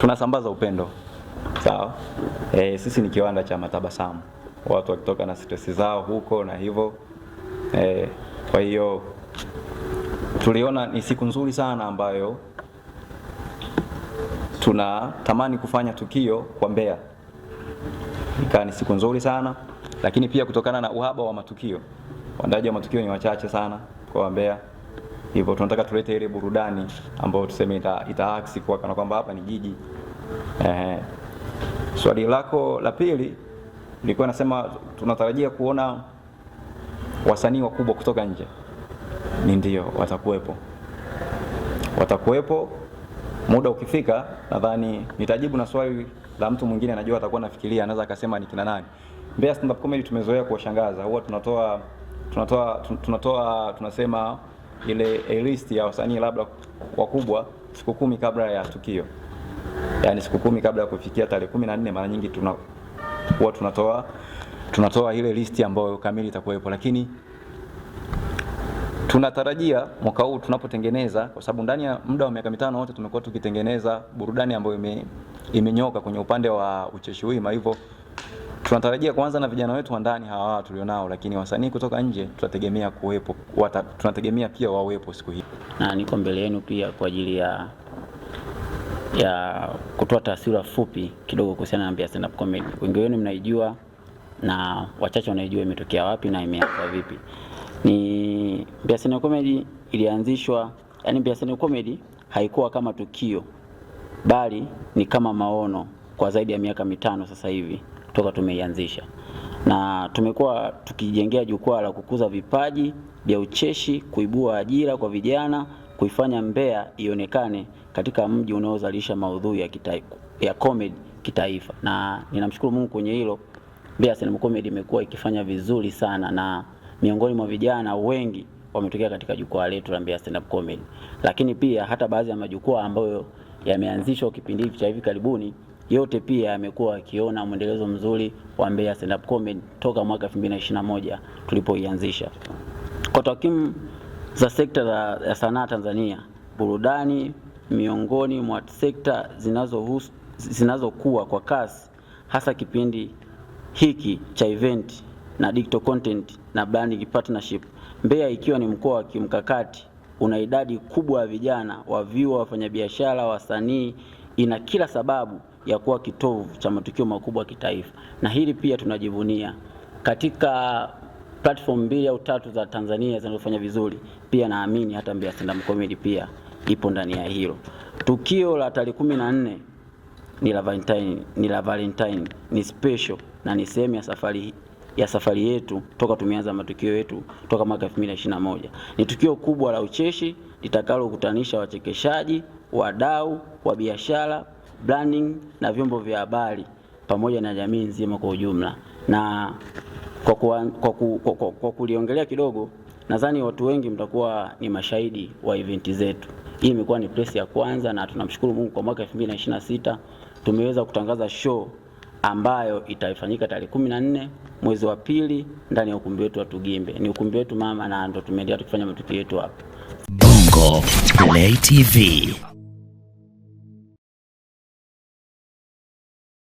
Tunasambaza upendo sawa. E, sisi ni kiwanda cha matabasamu, watu wakitoka na stress zao huko na hivyo e, kwa hiyo tuliona ni siku nzuri sana ambayo tunatamani kufanya tukio kwa Mbeya, ikawa ni siku nzuri sana lakini pia kutokana na uhaba wa matukio, waandaji wa matukio ni wachache sana kwa Mbeya hivyo tunataka tulete ile burudani ambayo tuseme ita, aksi kwa kana kwamba hapa ni jiji eh. Swali lako la pili nilikuwa nasema tunatarajia kuona wasanii wakubwa kutoka nje. Ni ndio, watakuwepo, watakuwepo. Muda ukifika, nadhani nitajibu na swali la mtu mwingine, najua atakuwa nafikiria, anaweza akasema ni kina nani. Mbeya Stand Up Comedy tumezoea kuwashangaza, huwa tunatoa tunatoa tunatoa tunasema ile A list ya wasanii labda wakubwa siku kumi kabla ya tukio, yaani siku kumi kabla ya kufikia tarehe kumi na nne mara nyingi tuna huwa tunatoa tunatoa ile listi ambayo kamili itakuwepo, lakini tunatarajia mwaka huu tunapotengeneza, kwa sababu ndani ya muda wa miaka mitano wote tumekuwa tukitengeneza burudani ambayo imenyoka kwenye upande wa ucheshi wima hivyo Tunatarajia kuanza na vijana wetu wa ndani hawa tulionao, lakini wasanii kutoka nje tunategemea kuwepo, tunategemea pia wawepo siku hii, na niko mbele yenu pia kwa ajili ya ya kutoa taswira fupi kidogo kuhusiana na Mbeya Stand Up Comedy. Wengi wenu mnaijua na wachache wanaijua imetokea wapi na imeanza vipi. Ni Mbeya Stand Up Comedy ilianzishwa, yani Mbeya Stand Up Comedy haikuwa kama tukio, bali ni kama maono kwa zaidi ya miaka mitano sasa hivi toka tumeianzisha, na tumekuwa tukijengea jukwaa la kukuza vipaji vya ucheshi, kuibua ajira kwa vijana, kuifanya Mbeya ionekane katika mji unaozalisha maudhui ya kitaifa ya comedy kitaifa, na ninamshukuru Mungu kwenye hilo. Mbeya Cinema Comedy imekuwa ikifanya vizuri sana, na miongoni mwa vijana wengi wametokea katika jukwaa letu la Mbeya Stand-up Comedy, lakini pia hata baadhi ya majukwaa ambayo yameanzishwa kipindi hiki cha hivi karibuni yote pia amekuwa akiona mwendelezo mzuri wa Mbeya Stand Up Comedy toka mwaka 2021 tulipoianzisha. Kwa takwimu za sekta ya sanaa Tanzania, burudani miongoni mwa sekta zinazohus, zinazokuwa kwa kasi hasa kipindi hiki cha event na digital content na branding partnership. Mbeya ikiwa ni mkoa wa kimkakati una idadi kubwa ya vijana, wavyuo, wafanyabiashara, wasanii, ina kila sababu ya kuwa kitovu cha matukio makubwa kitaifa, na hili pia tunajivunia katika platform mbili au tatu za Tanzania zinazofanya vizuri. Pia naamini hata Mbeya Stand Up Comedy pia ipo ndani ya hilo. Tukio la tarehe kumi na nne ni la Valentine, ni la Valentine, ni special na ni sehemu ya safari ya safari yetu toka tumeanza matukio yetu toka mwaka 2021. Ni tukio kubwa la ucheshi litakalokutanisha wachekeshaji, wadau wa biashara branding na vyombo vya habari pamoja na jamii nzima kwa ujumla. Na kwa, kwa, kwa, kwa, kwa, kwa kuliongelea kidogo, nadhani watu wengi mtakuwa ni mashahidi wa eventi zetu. Hii imekuwa ni press ya kwanza, na tunamshukuru Mungu kwa mwaka 2026 tumeweza kutangaza show ambayo itafanyika tarehe 14 mwezi wa pili ndani ya ukumbi wetu wa Tugimbe. Ni ukumbi wetu mama, na ndo tumeendelea tukifanya matukio yetu hapa Bongo Play TV.